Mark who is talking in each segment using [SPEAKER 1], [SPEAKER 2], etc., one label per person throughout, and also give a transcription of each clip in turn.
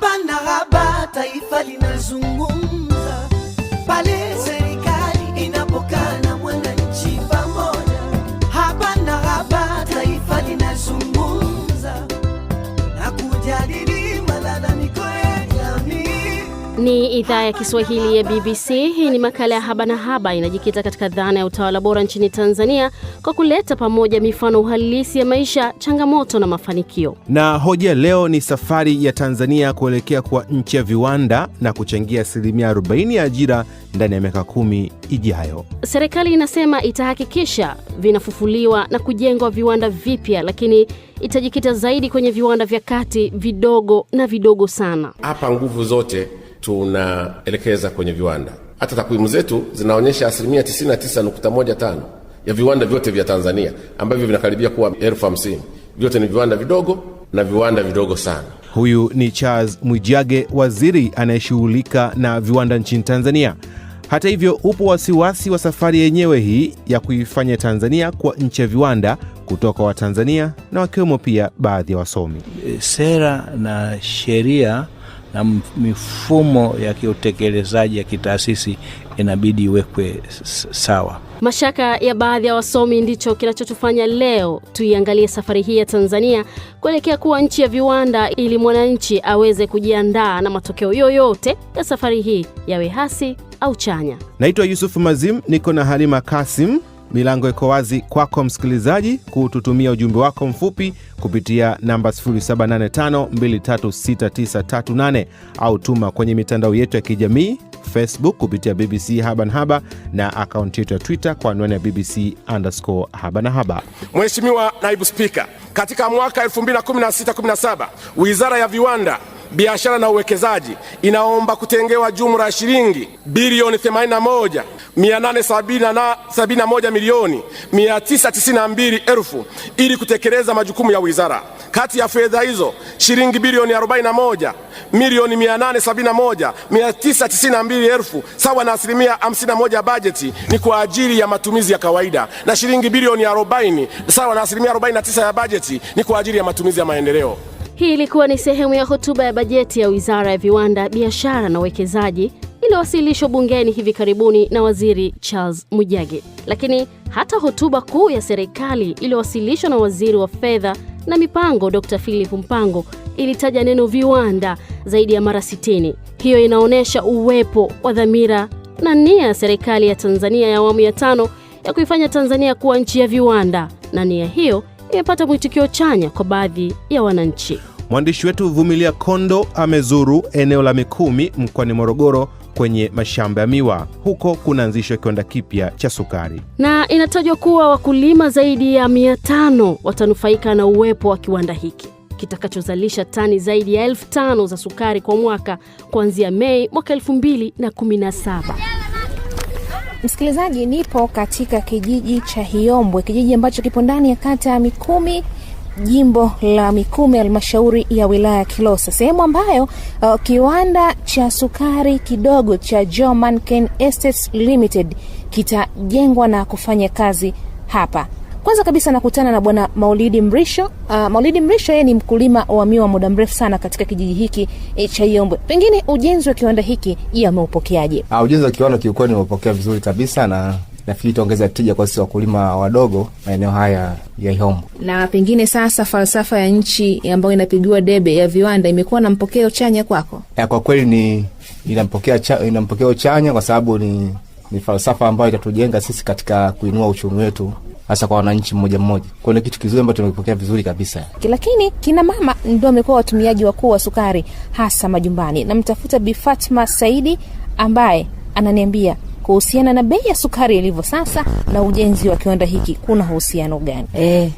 [SPEAKER 1] Hapana haba, taifa linazungumza Ni idhaa ya Kiswahili ya BBC. Hii ni makala ya Haba na Haba, inajikita katika dhana ya utawala bora nchini Tanzania kwa kuleta pamoja mifano uhalisi ya maisha, changamoto na mafanikio.
[SPEAKER 2] Na hoja leo ni safari ya Tanzania kuelekea kwa nchi ya viwanda na kuchangia asilimia 40 ya ajira ndani ya miaka kumi ijayo.
[SPEAKER 1] Serikali inasema itahakikisha vinafufuliwa na kujengwa viwanda vipya, lakini itajikita zaidi kwenye viwanda vya kati, vidogo na vidogo sana.
[SPEAKER 3] Hapa nguvu zote tunaelekeza kwenye viwanda. Hata takwimu zetu zinaonyesha asilimia 99.15 ya viwanda vyote vya Tanzania ambavyo vinakaribia kuwa elfu hamsini vyote ni viwanda vidogo na viwanda vidogo sana.
[SPEAKER 2] Huyu ni Charles Mwijage, waziri anayeshughulika na viwanda nchini Tanzania. Hata hivyo, upo wasiwasi wa safari yenyewe hii ya kuifanya Tanzania kwa nchi ya viwanda kutoka Watanzania na wakiwemo pia baadhi ya wasomi.
[SPEAKER 4] Sera na sheria na mifumo ya kiutekelezaji ya kitaasisi inabidi iwekwe sawa.
[SPEAKER 1] Mashaka ya baadhi ya wasomi ndicho kinachotufanya leo tuiangalie safari hii ya Tanzania kuelekea kuwa nchi ya viwanda, ili mwananchi aweze kujiandaa na matokeo yoyote ya safari hii yawe hasi au chanya.
[SPEAKER 2] Naitwa Yusuf Mazim, niko na Halima Kasim. Milango iko wazi kwako msikilizaji kututumia ujumbe wako mfupi kupitia namba 7852369 au tuma kwenye mitandao yetu ya kijamii Facebook kupitia BBC Habanhaba na akaunti yetu ya Twitter kwa anwani ya BBC underscore Habanahaba.
[SPEAKER 5] mweshimiwa Naibu Spika, katika mwaka 2167 17 Wizara ya Viwanda biashara na uwekezaji inaomba kutengewa jumla ya shilingi bilioni 81 milioni 992 elfu ili kutekeleza majukumu ya wizara. Kati ya fedha hizo shilingi bilioni 41 milioni 871 elfu sawa na asilimia 51 ya bajeti ni kwa ajili ya matumizi ya kawaida na shilingi bilioni 40 sawa na asilimia 49 ya bajeti ni kwa ajili ya matumizi ya maendeleo.
[SPEAKER 1] Hii ilikuwa ni sehemu ya hotuba ya bajeti ya Wizara ya Viwanda, Biashara na Uwekezaji iliyowasilishwa bungeni hivi karibuni na Waziri Charles Mujage. Lakini hata hotuba kuu ya serikali iliyowasilishwa na Waziri wa Fedha na Mipango, Dr. Philip Mpango ilitaja neno viwanda zaidi ya mara 60. Hiyo inaonyesha uwepo wa dhamira na nia ya serikali ya Tanzania ya awamu ya tano ya kuifanya Tanzania kuwa nchi ya viwanda, na nia hiyo imepata mwitikio chanya kwa baadhi ya wananchi.
[SPEAKER 2] Mwandishi wetu Vumilia Kondo amezuru eneo la Mikumi mkoani Morogoro kwenye mashamba ya miwa. Huko kunaanzishwa kiwanda kipya cha sukari,
[SPEAKER 1] na inatajwa kuwa wakulima zaidi ya mia tano watanufaika na uwepo wa kiwanda hiki kitakachozalisha tani zaidi ya elfu tano za sukari kwa mwaka kuanzia Mei mwaka elfu mbili na kumi na saba.
[SPEAKER 6] Msikilizaji, nipo katika kijiji cha Hiombwe, kijiji ambacho kipo ndani ya kata ya Mikumi jimbo la Mikumi, halmashauri ya wilaya ya Kilosa, sehemu ambayo uh, kiwanda cha sukari kidogo cha Joe Manken Estates Limited kitajengwa na kufanya kazi hapa. Kwanza kabisa nakutana na bwana Maulidi Mrisho. Uh, Maulidi Mrisho yeye ni mkulima wa miwa muda mrefu sana katika kijiji hiki e, cha Iombwe. Pengine ujenzi wa kiwanda hiki yeye ameupokeaje?
[SPEAKER 7] Ah, ujenzi wa kiwanda kiukweli nimeupokea vizuri kabisa na nafikiri itaongeza tija kwa sisi wakulima wadogo maeneo haya ya Ihombo.
[SPEAKER 1] Na pengine sasa, falsafa ya nchi ambayo inapigiwa debe ya viwanda imekuwa na mpokeo chanya kwako?
[SPEAKER 7] Ya, eh, kwa kweli ni inampokea cha, inampokeo chanya kwa sababu ni ni falsafa ambayo itatujenga sisi katika kuinua uchumi wetu hasa kwa wananchi mmoja mmoja. kwao ni kitu kizuri ambacho tumekipokea vizuri kabisa.
[SPEAKER 6] Lakini kina mama ndio wamekuwa watumiaji wakuu wa sukari hasa majumbani. Namtafuta Bi Fatma Saidi ambaye ananiambia kuhusiana na bei ya sukari ilivyo sasa na ujenzi wa kiwanda hiki kuna uhusiano gani?
[SPEAKER 8] Eh,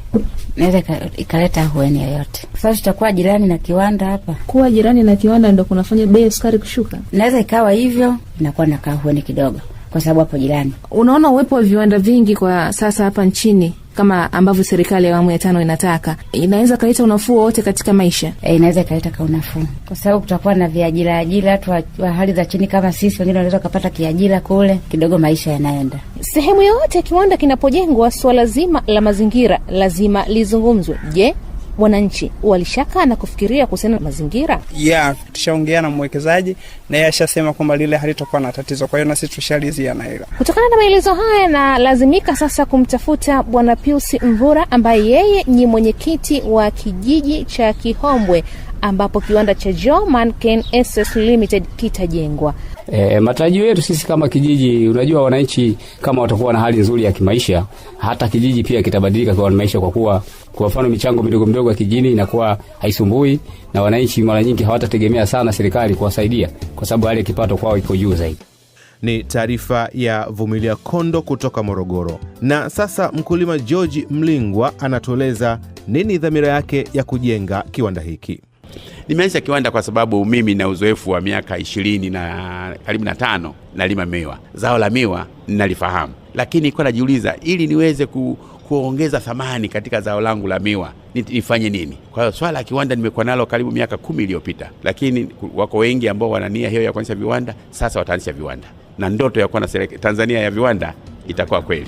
[SPEAKER 8] naweza ikaleta hueni yoyote, kwa sababu tutakuwa jirani na kiwanda hapa.
[SPEAKER 1] Kuwa jirani na kiwanda ndo kunafanya bei ya sukari kushuka?
[SPEAKER 8] Naweza ikawa hivyo, inakuwa nakaa ahueni kidogo kwa sababu hapo jirani.
[SPEAKER 1] Unaona uwepo wa viwanda vingi kwa sasa hapa nchini kama ambavyo serikali ya awamu ya tano inataka inaweza kaleta unafuu wote katika maisha
[SPEAKER 8] e, inaweza ikaleta ka unafuu kwa sababu kutakuwa na viajira ajira watu wa hali za chini kama sisi, wengine wanaweza ukapata kiajira kule kidogo, maisha yanaenda.
[SPEAKER 1] Sehemu yoyote ya kiwanda kinapojengwa, suala zima la mazingira lazima lizungumzwe. Je, wananchi walishakaa na kufikiria kuhusiana na mazingira
[SPEAKER 9] ya yeah. Tushaongea na mwekezaji na yeye ashasema kwamba lile halitokuwa na tatizo, kwa hiyo nasi tushalizia na hilo.
[SPEAKER 1] Kutokana na maelezo haya, na lazimika sasa kumtafuta Bwana Pius Mvura ambaye yeye ni mwenyekiti wa kijiji cha Kihombwe ambapo kiwanda cha German Ken SS Limited kitajengwa.
[SPEAKER 7] E, matarajio yetu sisi kama kijiji, unajua wananchi kama watakuwa na hali nzuri ya kimaisha, hata kijiji pia kitabadilika kwa maisha, kwa kuwa kwa mfano michango midogo midogo ya kijini inakuwa haisumbui, na wananchi mara nyingi hawatategemea sana serikali kuwasaidia, kwa sababu hali ya kipato kwao iko juu zaidi.
[SPEAKER 2] Ni taarifa ya Vumilia Kondo kutoka Morogoro. Na sasa mkulima George Mlingwa anatueleza nini dhamira yake ya kujenga kiwanda hiki.
[SPEAKER 10] Nimeanza kiwanda kwa sababu mimi na uzoefu wa miaka ishirini na karibu na tano nalima miwa, zao la miwa nalifahamu, lakini nilikuwa najiuliza ili niweze ku, kuongeza thamani katika zao langu la miwa nifanye nini? Kwa hiyo swala ya kiwanda nimekuwa nalo karibu miaka kumi iliyopita, lakini wako wengi ambao wanania hiyo ya kuanzisha viwanda. Sasa wataanzisha viwanda na ndoto ya kuwa na Tanzania ya viwanda itakuwa kweli.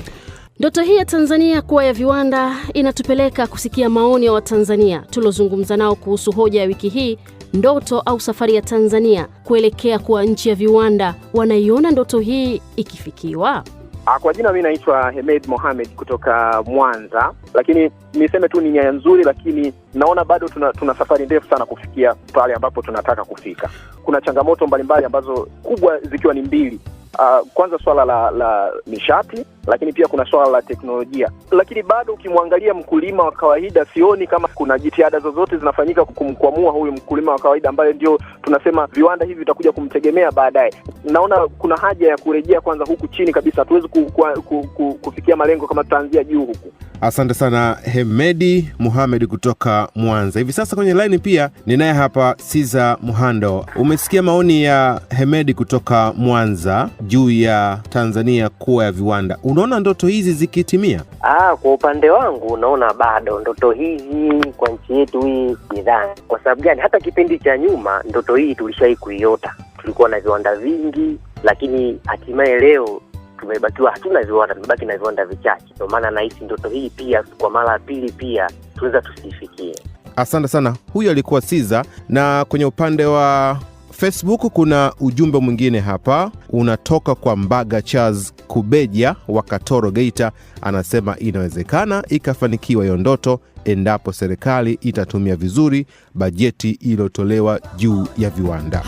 [SPEAKER 1] Ndoto hii ya Tanzania kuwa ya viwanda inatupeleka kusikia maoni ya wa Watanzania tuliozungumza nao kuhusu hoja ya wiki hii, ndoto au safari ya Tanzania kuelekea kuwa nchi ya viwanda. Wanaiona ndoto hii ikifikiwa?
[SPEAKER 11] Ah, kwa jina mi naitwa Hemed Mohamed kutoka Mwanza, lakini niseme tu ni nia nzuri, lakini naona bado tuna, tuna safari ndefu sana kufikia pale ambapo tunataka kufika. Kuna changamoto mbalimbali ambazo kubwa zikiwa ni mbili. Uh, kwanza swala la la nishati, lakini pia kuna swala la teknolojia. Lakini bado ukimwangalia mkulima wa kawaida, sioni kama kuna jitihada zozote zinafanyika kumkwamua huyu mkulima wa kawaida ambaye ndio tunasema viwanda hivi vitakuja kumtegemea baadaye. Naona kuna haja ya kurejea kwanza huku chini kabisa. Hatuwezi ku, ku, ku, ku, kufikia malengo kama tutaanzia juu huku.
[SPEAKER 2] Asante sana Hemedi Muhamed kutoka Mwanza. Hivi sasa kwenye laini pia ninaye hapa Siza Muhando. Umesikia maoni ya Hemedi kutoka Mwanza juu ya Tanzania kuwa ya viwanda, unaona ndoto hizi zikitimia?
[SPEAKER 12] Aa, ah, kwa upande wangu unaona bado ndoto hizi kwa nchi yetu hii sidhani. Kwa sababu gani? Hata kipindi cha nyuma ndoto hii tulishai kuiota, tulikuwa na viwanda vingi, lakini hatimaye leo tumebakiwa hatuna viwanda, tumebaki na viwanda vichache. Ndio maana nahisi ndoto hii pia kwa mara ya pili pia tunaweza tusiifikie.
[SPEAKER 2] Asante sana. Huyu alikuwa Siza. Na kwenye upande wa Facebook kuna ujumbe mwingine hapa, unatoka kwa Mbaga Charles Kubeja wa Katoro, Geita. Anasema inawezekana ikafanikiwa hiyo ndoto endapo serikali itatumia vizuri bajeti iliyotolewa juu ya viwanda.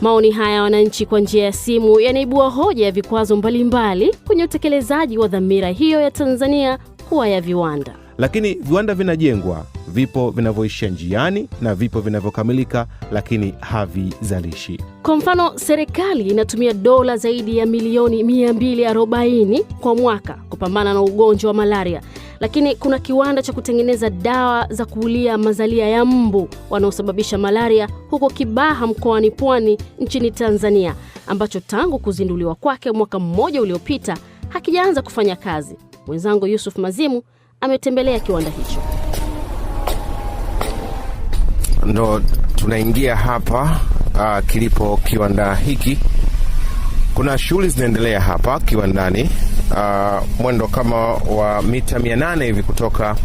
[SPEAKER 1] Maoni haya wananchi kwa njia ya simu yanaibua hoja ya vikwazo mbalimbali kwenye utekelezaji wa dhamira hiyo ya Tanzania kuwa ya viwanda.
[SPEAKER 2] Lakini viwanda vinajengwa, vipo vinavyoishia njiani na vipo vinavyokamilika lakini havizalishi.
[SPEAKER 1] Kwa mfano, serikali inatumia dola zaidi ya milioni 240 kwa mwaka kupambana na ugonjwa wa malaria lakini kuna kiwanda cha kutengeneza dawa za kuulia mazalia ya mbu wanaosababisha malaria huko Kibaha mkoani Pwani nchini Tanzania, ambacho tangu kuzinduliwa kwake mwaka mmoja uliopita hakijaanza kufanya kazi. Mwenzangu Yusuf Mazimu ametembelea kiwanda hicho.
[SPEAKER 3] Ndo tunaingia hapa, uh, kilipo kiwanda hiki kuna shughuli zinaendelea hapa kiwandani, uh, mwendo kama wa mita 8 hivi kutoka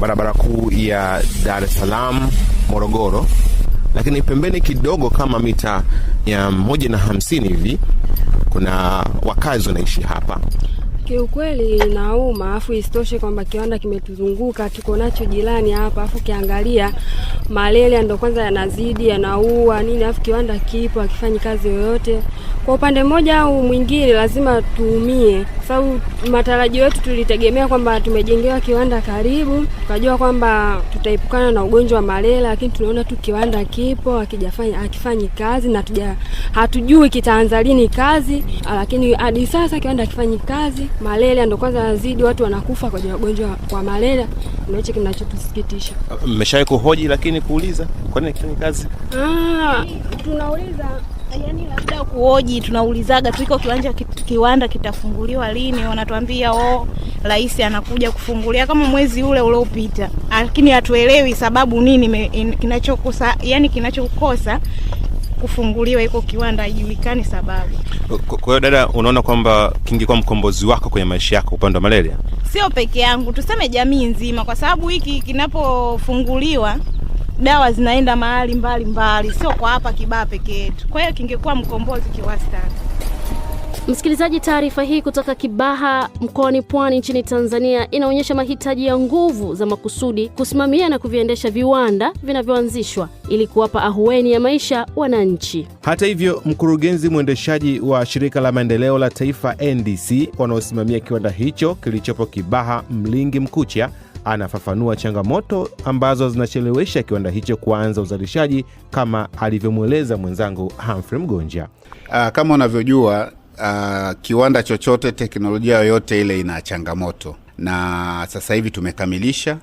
[SPEAKER 3] barabara kuu ya Dar es Salaam Morogoro, lakini pembeni kidogo kama mita mia moja hivi kuna wakazi wanaishi hapa
[SPEAKER 13] Kiukweli inauma, afu isitoshe kwamba kiwanda kimetuzunguka, tuko nacho jirani hapa, afu kiangalia malaria ndo kwanza yanazidi yanaua nini, afu kiwanda kipo akifanyi kazi yoyote. Kwa upande mmoja au mwingine, lazima tuumie, kwa sababu matarajio yetu tulitegemea kwamba tumejengewa kiwanda karibu, tukajua kwamba tutaepukana na ugonjwa wa malaria, lakini tunaona tu kiwanda kipo akijafanya akifanyi kazi na tuja, hatujui kitaanza lini kazi, lakini hadi sasa kiwanda akifanyi kazi malaria ndio kwanza nazidi, watu wanakufa kwenye magonjwa kwa malaria, ndio kinachotusikitisha.
[SPEAKER 3] Mmeshawahi kuhoji lakini kuuliza kwa nini kifanyi kazi?
[SPEAKER 13] Ah, tunauliza yaani labda kuoji, tunaulizaga tuiko kiwanja kiwanda kitafunguliwa lini, wanatuambia oh, rais anakuja kufungulia kama mwezi ule uliopita, lakini hatuelewi sababu nini kinachokosa, yani kinachokosa kufunguliwa iko kiwanda, haijulikani sababu.
[SPEAKER 3] Kwa hiyo dada, unaona kwamba kingekuwa mkombozi wako kwenye maisha yako upande wa malaria?
[SPEAKER 14] Sio peke yangu, tuseme jamii nzima, kwa sababu hiki kinapofunguliwa dawa zinaenda mahali mbali mbali, sio kwa hapa Kibaha peke yetu. Kwa hiyo kingekuwa mkombozi kiwastani.
[SPEAKER 1] Msikilizaji, taarifa hii kutoka Kibaha mkoani Pwani nchini Tanzania inaonyesha mahitaji ya nguvu za makusudi kusimamia na kuviendesha viwanda vinavyoanzishwa ili kuwapa ahueni ya maisha wananchi.
[SPEAKER 2] Hata hivyo, mkurugenzi mwendeshaji wa shirika la maendeleo la taifa NDC wanaosimamia kiwanda hicho kilichopo Kibaha Mlingi Mkucha anafafanua changamoto ambazo zinachelewesha kiwanda hicho kuanza uzalishaji kama alivyomweleza mwenzangu Humphrey Mgonja.
[SPEAKER 3] Ah, kama unavyojua uh, kiwanda chochote, teknolojia yoyote ile ina changamoto, na sasa hivi tumekamilisha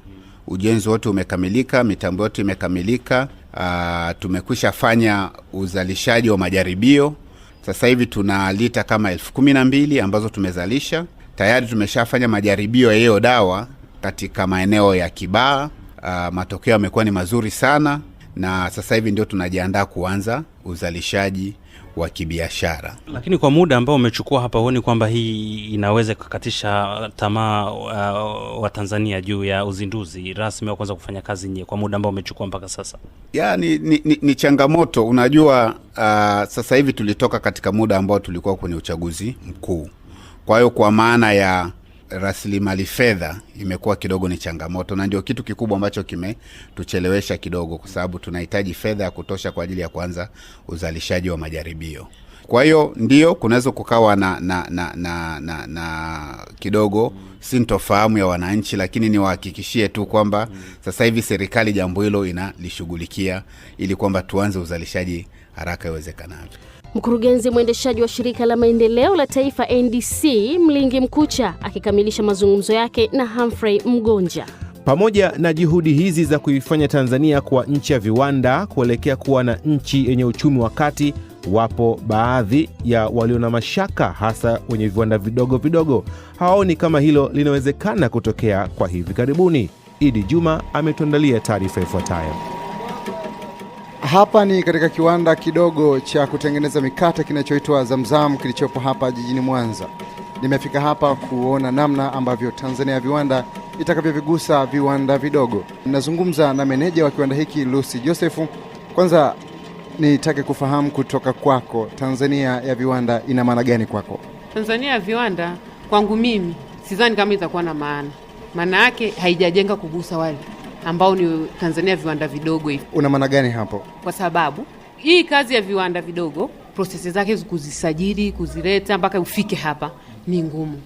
[SPEAKER 3] ujenzi wote, umekamilika, mitambo yote imekamilika. Uh, tumekwisha fanya uzalishaji wa majaribio. Sasa hivi tuna lita kama elfu kumi na mbili ambazo tumezalisha tayari. Tumeshafanya majaribio ya hiyo dawa katika maeneo ya kibaa Uh, matokeo yamekuwa ni mazuri sana, na sasa hivi ndio tunajiandaa kuanza uzalishaji wa kibiashara.
[SPEAKER 7] Lakini kwa muda ambao umechukua hapa, huoni kwamba hii inaweza kukatisha tamaa uh, wa Tanzania juu ya uzinduzi rasmi wa kuanza kufanya kazi nye kwa muda ambao umechukua mpaka sasa?
[SPEAKER 3] Ya, ni, ni, ni, ni changamoto unajua. Uh, sasa hivi tulitoka katika muda ambao tulikuwa kwenye uchaguzi mkuu, kwa hiyo kwa maana ya rasilimali fedha imekuwa kidogo ni changamoto, na ndio kitu kikubwa ambacho kimetuchelewesha kidogo, kwa sababu tunahitaji fedha ya kutosha kwa ajili ya kuanza uzalishaji wa majaribio. Kwa hiyo ndio kunaweza kukawa na, na, na, na, na, na kidogo sintofahamu ya wananchi, lakini niwahakikishie tu kwamba sasa hivi serikali jambo hilo inalishughulikia ili kwamba tuanze uzalishaji haraka iwezekanavyo.
[SPEAKER 1] Mkurugenzi mwendeshaji wa shirika la maendeleo la taifa NDC Mlingi Mkucha akikamilisha mazungumzo yake na Humphrey Mgonja.
[SPEAKER 2] Pamoja na juhudi hizi za kuifanya Tanzania kuwa nchi ya viwanda kuelekea kuwa na nchi yenye uchumi wa kati, wapo baadhi ya walio na mashaka, hasa wenye viwanda vidogo vidogo. Hawaoni kama hilo linawezekana kutokea kwa hivi karibuni. Idi Juma ametuandalia taarifa ifuatayo.
[SPEAKER 15] Hapa ni katika kiwanda kidogo cha kutengeneza mikate kinachoitwa Zamzam kilichopo hapa jijini Mwanza. Nimefika hapa kuona namna ambavyo Tanzania ya viwanda itakavyovigusa viwanda vidogo. Ninazungumza na meneja wa kiwanda hiki Lucy Josephu. Kwanza nitake kufahamu kutoka kwako, Tanzania ya viwanda ina maana gani kwako?
[SPEAKER 16] Tanzania ya viwanda kwangu mimi sidhani kama itakuwa na maana, maana yake haijajenga kugusa wale ambao ni Tanzania viwanda vidogo hivi.
[SPEAKER 15] Una maana gani hapo?
[SPEAKER 16] Kwa sababu hii kazi ya viwanda vidogo prosesi zake kuzisajili, kuzileta mpaka ufike hapa ni ngumu.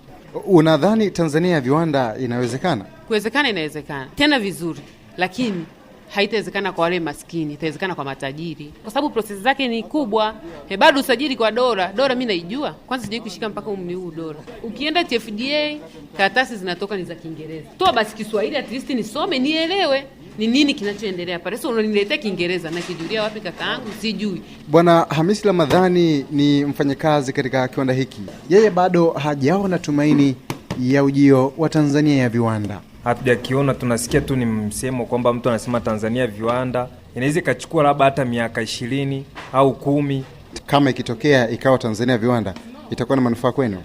[SPEAKER 15] Unadhani Tanzania ya viwanda inawezekana?
[SPEAKER 16] Kuwezekana, inawezekana tena vizuri, lakini haitawezekana kwa wale maskini, itawezekana kwa matajiri, kwa sababu prosesi zake ni kubwa. He, eh, bado usajili kwa dola dola, mi naijua kwanza, sijai kushika mpaka umri huu dola. Ukienda TFDA karatasi zinatoka ni za Kiingereza. Toa basi Kiswahili at least nisome nielewe ni nini kinachoendelea pale. So unaniletea Kiingereza na kijulia wapi kakaangu? Sijui.
[SPEAKER 15] Bwana Hamisi Ramadhani ni mfanyakazi katika kiwanda hiki, yeye bado hajaona tumaini ya ujio wa Tanzania ya viwanda
[SPEAKER 17] hatujakiona, tunasikia tu ni msemo kwamba mtu anasema Tanzania viwanda, inaweza ikachukua labda hata miaka ishirini au kumi.
[SPEAKER 15] Kama ikitokea ikawa Tanzania viwanda, itakuwa na manufaa kwenu?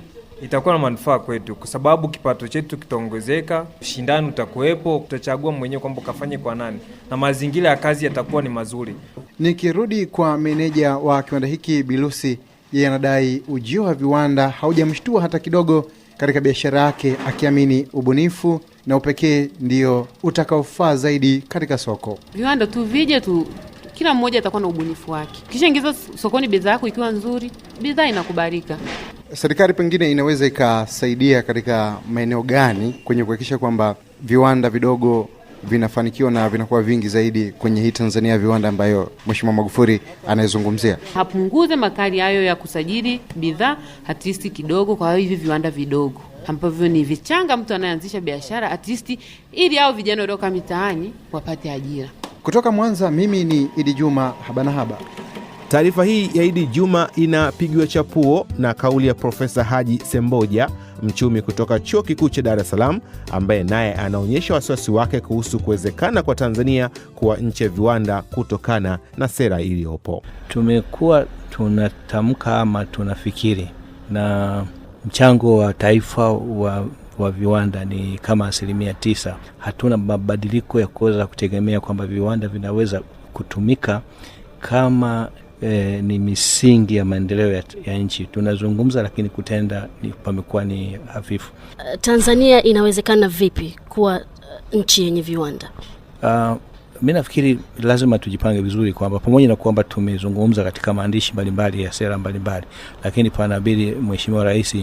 [SPEAKER 17] Itakuwa na manufaa kwetu, kwa sababu kipato chetu kitaongezeka, ushindani utakuwepo, utachagua mwenyewe kwamba ukafanye kwa nani, na mazingira ya kazi yatakuwa ni mazuri.
[SPEAKER 15] Nikirudi kwa meneja wa kiwanda hiki Bilusi, yeye anadai ujio wa viwanda haujamshtua hata kidogo katika biashara yake akiamini ubunifu na upekee ndio utakaofaa zaidi katika soko.
[SPEAKER 16] Viwanda tu vije tu, kila mmoja atakuwa na ubunifu wake, kisha ingiza sokoni bidhaa yako ikiwa nzuri, bidhaa inakubalika.
[SPEAKER 15] Serikali pengine inaweza ikasaidia katika maeneo gani kwenye kuhakikisha kwamba viwanda vidogo vinafanikiwa na vinakuwa vingi zaidi kwenye hii Tanzania ya viwanda ambayo Mheshimiwa Magufuli anayezungumzia.
[SPEAKER 16] Hapunguze makali hayo ya kusajili bidhaa hatisi kidogo kwa hivi viwanda vidogo ambavyo ni vichanga, mtu anayeanzisha biashara atisti, ili hao vijana walioka mitaani wapate ajira.
[SPEAKER 15] Kutoka Mwanza, mimi ni Idi Juma, habanahaba.
[SPEAKER 2] Taarifa hii ya Idi Juma inapigiwa chapuo na kauli ya Profesa Haji Semboja, mchumi kutoka Chuo Kikuu cha Dar es Salaam, ambaye naye anaonyesha wasiwasi wake kuhusu kuwezekana kwa Tanzania kuwa nchi ya viwanda kutokana na sera iliyopo.
[SPEAKER 18] Tumekuwa tunatamka ama tunafikiri na mchango wa taifa wa wa viwanda ni kama asilimia tisa. Hatuna mabadiliko ya kuweza kutegemea kwamba viwanda vinaweza kutumika kama e, ni misingi ya maendeleo ya, ya nchi. Tunazungumza lakini kutenda ni, pamekuwa ni hafifu.
[SPEAKER 1] Eh, Tanzania inawezekana vipi kuwa eh, nchi yenye viwanda?
[SPEAKER 18] Uh, mi nafikiri lazima tujipange vizuri kwamba pamoja na kwamba tumezungumza katika maandishi mbalimbali ya sera mbalimbali, lakini panabidi Mheshimiwa Rais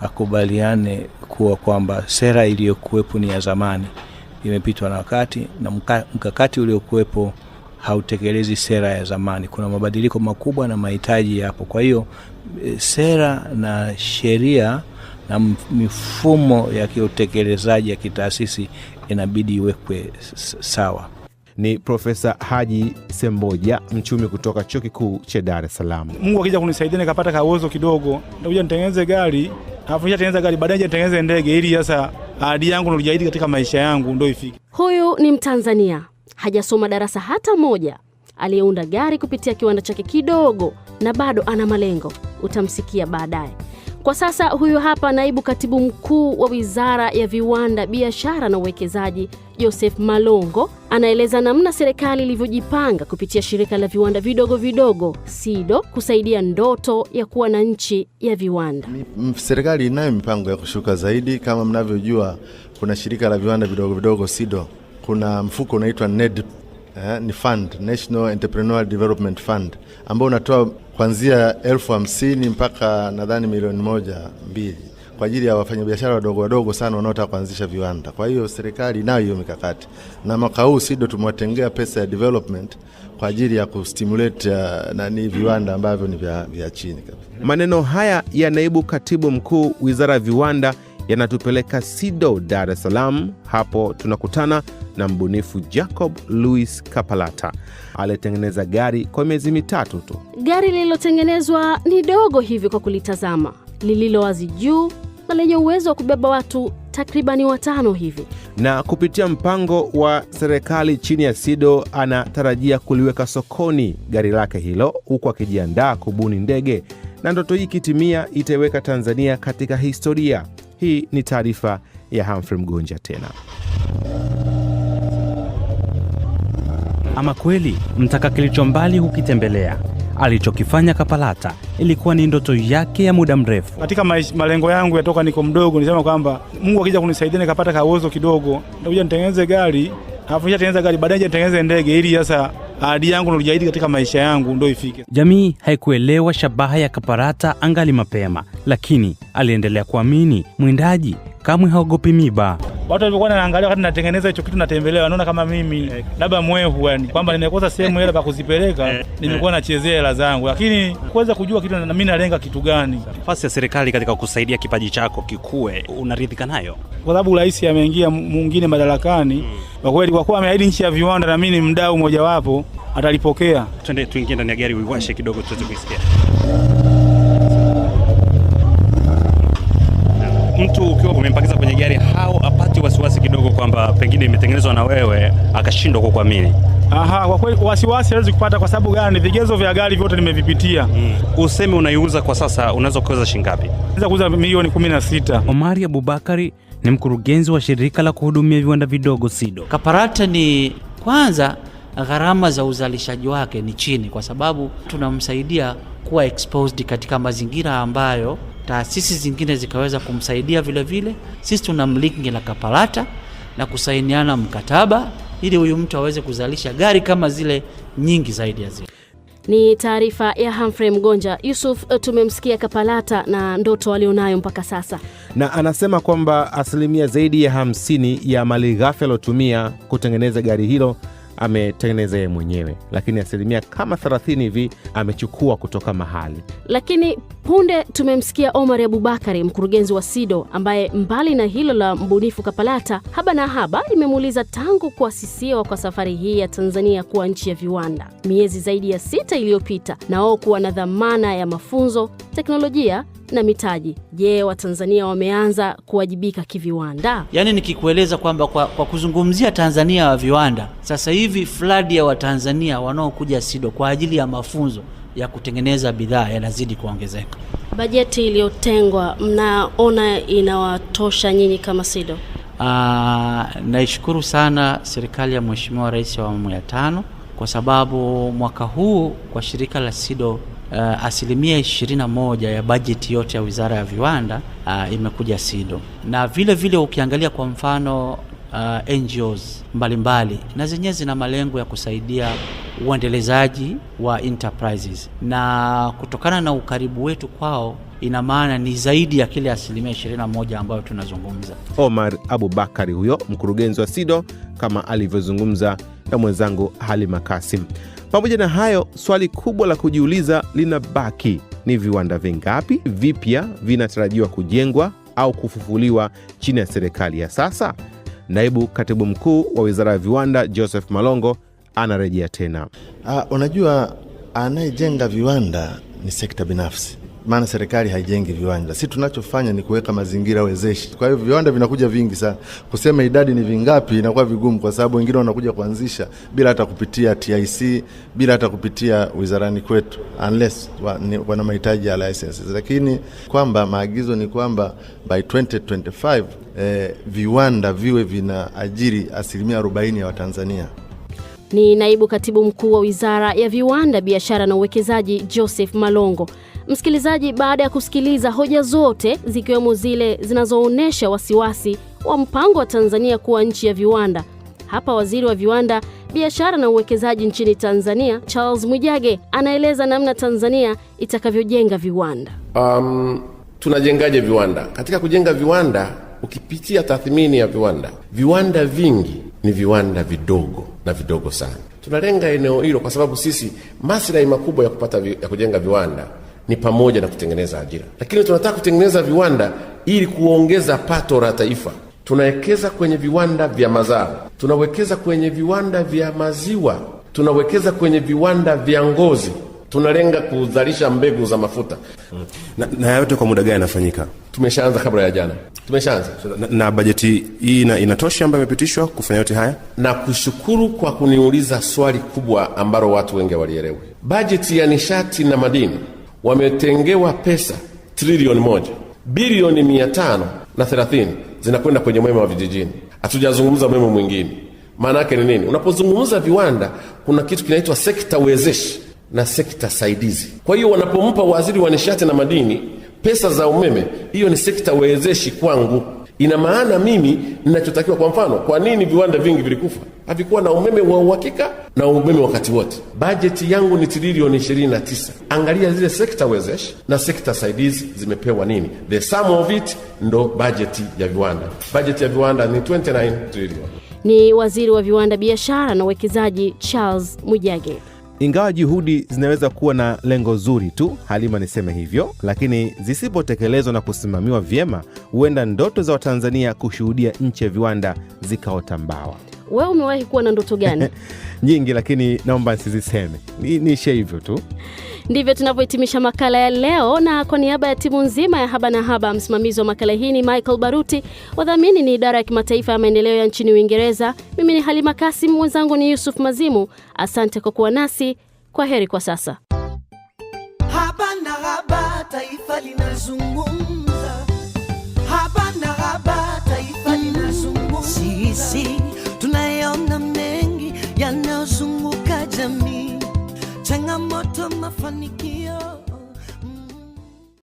[SPEAKER 18] akubaliane kuwa kwamba sera iliyokuwepo ni ya zamani, imepitwa na wakati, na mkakati uliokuwepo hautekelezi sera ya zamani. Kuna mabadiliko makubwa na mahitaji yapo. Kwa hiyo eh, sera na sheria na mifumo ya kiutekelezaji ya kitaasisi inabidi iwekwe sawa.
[SPEAKER 2] Ni Profesa Haji Semboja, mchumi kutoka Chuo Kikuu cha Dar es Salaam.
[SPEAKER 19] Mungu akija kunisaidia nikapata kauwezo kidogo, nitakuja nitengeneze gari, afuishatengeneza nishatengeneza gari, baadaye nitengeneze ndege, ili sasa ahadi yangu nilijahidi katika maisha yangu ndo ifike.
[SPEAKER 1] Huyu ni Mtanzania hajasoma darasa hata moja, aliyeunda gari kupitia kiwanda chake kidogo na bado ana malengo. Utamsikia baadaye. Kwa sasa huyu hapa naibu katibu mkuu wa Wizara ya Viwanda, Biashara na Uwekezaji, Joseph Malongo anaeleza namna serikali ilivyojipanga kupitia shirika la viwanda vidogo vidogo SIDO kusaidia ndoto ya kuwa na nchi ya viwanda.
[SPEAKER 3] Serikali inayo mipango ya kushuka zaidi. Kama mnavyojua, kuna shirika la viwanda vidogo vidogo SIDO kuna mfuko unaitwa NED, eh, ni fund, National Entrepreneurial Development Fund ambao unatoa kuanzia elfu hamsini mpaka nadhani milioni moja mbili kwa ajili ya wafanyabiashara wadogo wadogo sana wanaotaka kuanzisha viwanda. Kwa hiyo serikali nayo hiyo mikakati, na mwaka huu SIDO tumewatengea pesa ya development kwa ajili ya kustimulate uh, nani viwanda ambavyo ni vya, vya chini kabisa.
[SPEAKER 2] Maneno haya ya naibu katibu mkuu wizara ya viwanda yanatupeleka SIDO Dar es Salaam. Hapo tunakutana na mbunifu Jacob Louis Kapalata aliyetengeneza gari kwa miezi mitatu tu.
[SPEAKER 1] Gari lililotengenezwa ni dogo hivi kwa kulitazama, lililo wazi juu na lenye uwezo wa kubeba watu takribani watano hivi.
[SPEAKER 2] Na kupitia mpango wa serikali chini ya SIDO anatarajia kuliweka sokoni gari lake hilo, huku akijiandaa kubuni ndege, na ndoto hii ikitimia itaiweka Tanzania katika historia hii ni taarifa ya Humphrey Mgonja tena. Ama kweli mtaka kilicho mbali hukitembelea. Alichokifanya Kapalata ilikuwa ni ndoto yake ya muda mrefu.
[SPEAKER 19] Katika malengo yangu yatoka niko mdogo, nisema kwamba Mungu akija kunisaidia nikapata kauwezo kidogo, nitakuja nitengeneze gari alafu ishatengeneza gari, baadaye jatengeneze ndege, ili sasa ahadi ah, yangu nilijahidi katika maisha yangu ndio ifike.
[SPEAKER 20] Jamii haikuelewa shabaha ya Kaparata angali mapema, lakini aliendelea kuamini mwindaji kamwe haogopi miba
[SPEAKER 19] watu walikuwa wanaangalia wakati natengeneza hicho kitu, natembelewa, wanaona kama mimi eh. labda mwevu yani kwamba nimekosa sehemu hela pa kuzipeleka, eh. nimekuwa eh. nachezea hela zangu, lakini kuweza kujua kitu na mimi nalenga kitu gani.
[SPEAKER 21] Nafasi ya serikali katika kusaidia kipaji chako kikue, unaridhika nayo?
[SPEAKER 17] Kwa sababu rais ameingia mwingine madarakani, hmm. kwa kweli, kwa kuwa ameahidi nchi ya viwanda, na mimi ni mdau mmojawapo, atalipokea.
[SPEAKER 21] Twende tuingie ndani ya gari uiwashe kidogo tuweze kuisikia. mtu ukiwa umempakiza kwenye gari hao apati wasiwasi kidogo kwamba pengine imetengenezwa na wewe akashindwa kukuamini?
[SPEAKER 19] Aha, kwa kweli wasiwasi hawezi kupata. Kwa sababu gani? Vigezo vya gari vyote nimevipitia. Hmm.
[SPEAKER 21] Useme unaiuza kwa sasa, unaweza kuuza shilingi ngapi?
[SPEAKER 19] Naweza kuuza milioni 16.
[SPEAKER 20] Omari Abubakari ni mkurugenzi wa shirika la kuhudumia viwanda vidogo SIDO.
[SPEAKER 22] Kaparata ni kwanza, gharama za uzalishaji wake ni chini, kwa sababu tunamsaidia kuwa exposed katika mazingira ambayo taasisi zingine zikaweza kumsaidia vilevile. Sisi tuna mlingi la Kapalata na kusainiana mkataba ili huyu mtu aweze kuzalisha gari kama zile nyingi zaidi ya zile.
[SPEAKER 1] Ni taarifa ya Humphrey Mgonja. Yusuf, eh, tumemsikia Kapalata na ndoto alionayo mpaka sasa,
[SPEAKER 2] na anasema kwamba asilimia zaidi ya hamsini ya malighafi aliyotumia kutengeneza gari hilo ametengeneza yeye mwenyewe, lakini asilimia kama 30 hivi amechukua kutoka mahali.
[SPEAKER 1] Lakini Punde tumemsikia Omar Abubakari, mkurugenzi wa SIDO, ambaye mbali na hilo la mbunifu Kapalata, Haba na Haba imemuuliza tangu kuasisiwa kwa safari hii ya Tanzania kuwa nchi ya viwanda, miezi zaidi ya sita iliyopita, na wao kuwa na dhamana ya mafunzo, teknolojia na mitaji. Je, Watanzania wameanza kuwajibika kiviwanda?
[SPEAKER 23] Yaani nikikueleza kwamba kwa, kwa kuzungumzia Tanzania wa viwanda, sasa hivi fladi ya Watanzania wanaokuja SIDO kwa ajili ya mafunzo ya kutengeneza bidhaa yanazidi kuongezeka.
[SPEAKER 1] Bajeti iliyotengwa mnaona inawatosha nyinyi kama SIDO?
[SPEAKER 24] Aa, ah, naishukuru sana serikali ya Mheshimiwa Rais wa awamu ya tano kwa sababu mwaka huu kwa shirika la SIDO Uh, asilimia 21 ya bajeti yote ya Wizara ya Viwanda uh, imekuja SIDO, na vile vile ukiangalia kwa mfano uh, NGOs mbalimbali na zenyewe zina malengo ya kusaidia uendelezaji wa enterprises, na kutokana na ukaribu wetu kwao ina maana ni zaidi ya kile asilimia 21 ambayo tunazungumza.
[SPEAKER 2] Omar Abubakari huyo mkurugenzi wa SIDO kama alivyozungumza na mwenzangu Halima Kasim. Pamoja na hayo, swali kubwa la kujiuliza linabaki ni viwanda vingapi vipya vinatarajiwa kujengwa au kufufuliwa chini ya serikali ya sasa? Naibu katibu mkuu wa wizara ya viwanda Joseph Malongo anarejea tena.
[SPEAKER 3] Uh, unajua anayejenga viwanda ni sekta binafsi maana serikali haijengi viwanja. Si tunachofanya ni kuweka mazingira wezeshi. Kwa hiyo viwanda vinakuja vingi sana, kusema idadi ni vingapi inakuwa vigumu, kwa sababu wengine wanakuja kuanzisha bila hata kupitia TIC, bila hata kupitia wizarani kwetu, unless wana mahitaji ya licenses. Lakini kwamba maagizo ni kwamba by 2025 eh, viwanda viwe vina ajiri asilimia 40 ya Watanzania.
[SPEAKER 1] Ni naibu katibu mkuu wa wizara ya viwanda, biashara na uwekezaji Joseph Malongo. Msikilizaji, baada ya kusikiliza hoja zote zikiwemo zile zinazoonyesha wasiwasi wa mpango wa Tanzania kuwa nchi ya viwanda, hapa waziri wa viwanda, biashara na uwekezaji nchini Tanzania Charles Mwijage anaeleza namna Tanzania itakavyojenga viwanda.
[SPEAKER 3] Um, tunajengaje viwanda? Katika kujenga viwanda, ukipitia tathmini ya viwanda, viwanda vingi ni viwanda vidogo na vidogo sana. Tunalenga eneo hilo kwa sababu sisi maslahi makubwa ya kupata vi, ya kujenga viwanda ni pamoja na kutengeneza ajira, lakini tunataka kutengeneza viwanda ili kuongeza pato la taifa. Tunawekeza kwenye viwanda vya mazao, tunawekeza kwenye viwanda vya maziwa, tunawekeza kwenye viwanda vya ngozi, tunalenga kuzalisha mbegu za mafuta mm.
[SPEAKER 2] na, na yote kwa muda gani yanafanyika?
[SPEAKER 3] Tumeshaanza kabla ya jana, tumeshaanza
[SPEAKER 2] na, na bajeti hii inatosha ambayo imepitishwa kufanya yote haya.
[SPEAKER 3] Na kushukuru kwa kuniuliza swali kubwa ambalo watu wengi walielewe. Bajeti ya nishati na madini wametengewa pesa trilioni moja bilioni mia tano na thelathini zinakwenda kwenye umeme wa vijijini. Hatujazungumza umeme mwingine. Maana yake ni nini? Unapozungumza viwanda, kuna kitu kinaitwa sekta wezeshi na sekta saidizi. Kwa hiyo wanapompa waziri wa nishati na madini pesa za umeme, hiyo ni sekta wezeshi kwangu. Ina maana mimi ninachotakiwa, kwa mfano, kwa nini viwanda vingi vilikufa? havikuwa na umeme wa uhakika na umeme wakati wote. Bajeti yangu ni trilioni 29. Angalia zile sekta wezeshi na sekta saidizi zimepewa nini, the sum of it ndo bajeti ya viwanda. Bajeti ya viwanda ni 29 trilioni.
[SPEAKER 1] Ni waziri wa viwanda, biashara na uwekezaji Charles Mwijage.
[SPEAKER 2] Ingawa juhudi zinaweza kuwa na lengo zuri tu, Halima, niseme hivyo, lakini zisipotekelezwa na kusimamiwa vyema, huenda ndoto za Watanzania kushuhudia nchi ya viwanda zikaota mbawa
[SPEAKER 1] wewe umewahi kuwa na ndoto gani?
[SPEAKER 2] Nyingi, lakini naomba nsiziseme, niishie hivyo tu.
[SPEAKER 1] Ndivyo tunavyohitimisha makala ya leo, na kwa niaba ya timu nzima ya Haba na Haba, msimamizi wa makala hii ni Michael Baruti, wadhamini ni idara ya kimataifa ya maendeleo ya nchini Uingereza. Mimi ni Halima Kasim, mwenzangu ni Yusuf Mazimu. Asante kwa kuwa nasi, kwa heri kwa sasa. Haba na Haba, taifa linazungumza. moto mafanikio